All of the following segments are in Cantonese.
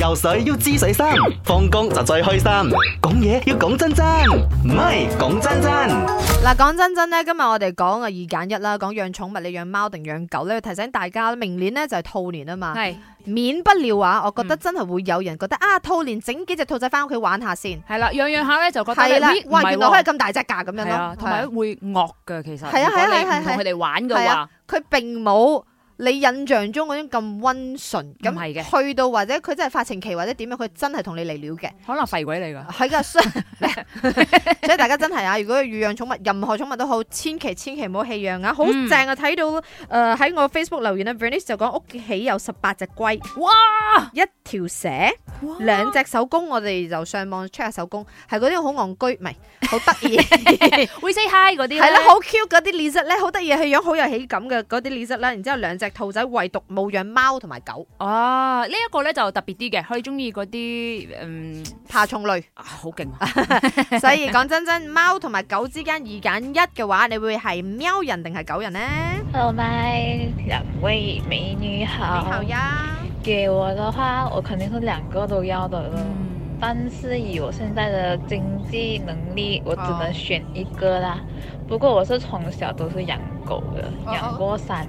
遊水要知水深，放工就最開心。講嘢要講真真，唔係講真真。嗱，講真真咧，今日我哋講啊二揀一啦，講養寵物，你養貓定養狗咧？提醒大家，明年咧就係兔年啊嘛，係免不了話，我覺得真係會有人覺得、嗯、啊，兔年整幾隻兔仔返屋企玩下先。係啦，養養下咧就覺得咦，原來可以咁大隻噶咁樣咯，同埋會惡噶其實，啊，如果你，唔同佢哋玩嘅話，佢並冇。你印象中嗰種咁溫順，咁係嘅。去到或者佢真係發情期或者點樣，佢真係同你離了嘅。可能廢鬼嚟㗎。係㗎，所以， 所以大家真係啊！如果要養寵物，任何寵物都好，千祈千祈唔好棄養，嗯、啊！好正啊！睇到誒喺我 Facebook 留言 Brandy 就講屋企有十八隻龜，哇！一條蛇，兩隻手工，我哋就上網 check 下手工，係嗰啲好戇居，唔係好得意，We say hi 嗰啲。係啦，好 cute 嗰啲獼實咧，好得意，佢樣好有喜感嘅嗰啲獼實啦，然之後兩隻。兔仔唯獨冇養貓同埋狗，哦這個嗯、啊！呢一個咧就特別啲嘅，佢中意嗰啲嗯爬蟲類，好勁。所以講真真，貓同埋狗之間二揀一嘅話，你會係喵人定係狗人呢？Hello my 兩位美女好，你好呀。給我的話，我肯定是兩個都要的。嗯。但是以我現在的經濟能力，我只能選一個啦。Oh. 不過我是從小都是養狗嘅，養、oh. 過三。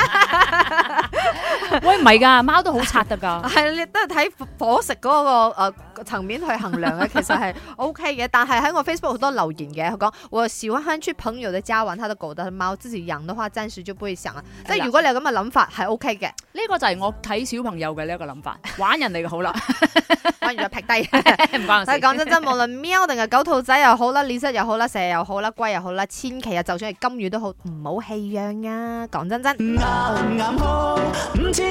喂，唔係噶，貓都好刷得噶。係、啊，你都係睇伙食嗰、那個誒層、呃、面去衡量嘅，其實係 O K 嘅。但係喺我 Facebook 好多留言嘅，佢講我喜歡去朋友的家玩，他都狗、得貓，之前養的話暫時就不會想啦。即、哎、係、就是、如果你有咁嘅諗法，係 O K 嘅。呢、這個就係我睇小朋友嘅呢一個諗法， 玩人哋嘅好啦，玩完就劈低。唔 講 真真，無論喵定係狗、兔仔又好啦、獵色又好啦、蛇又好啦、龜又好啦，千祈啊，就算係金魚都好，唔好棄養啊！講真真。嗯嗯嗯嗯嗯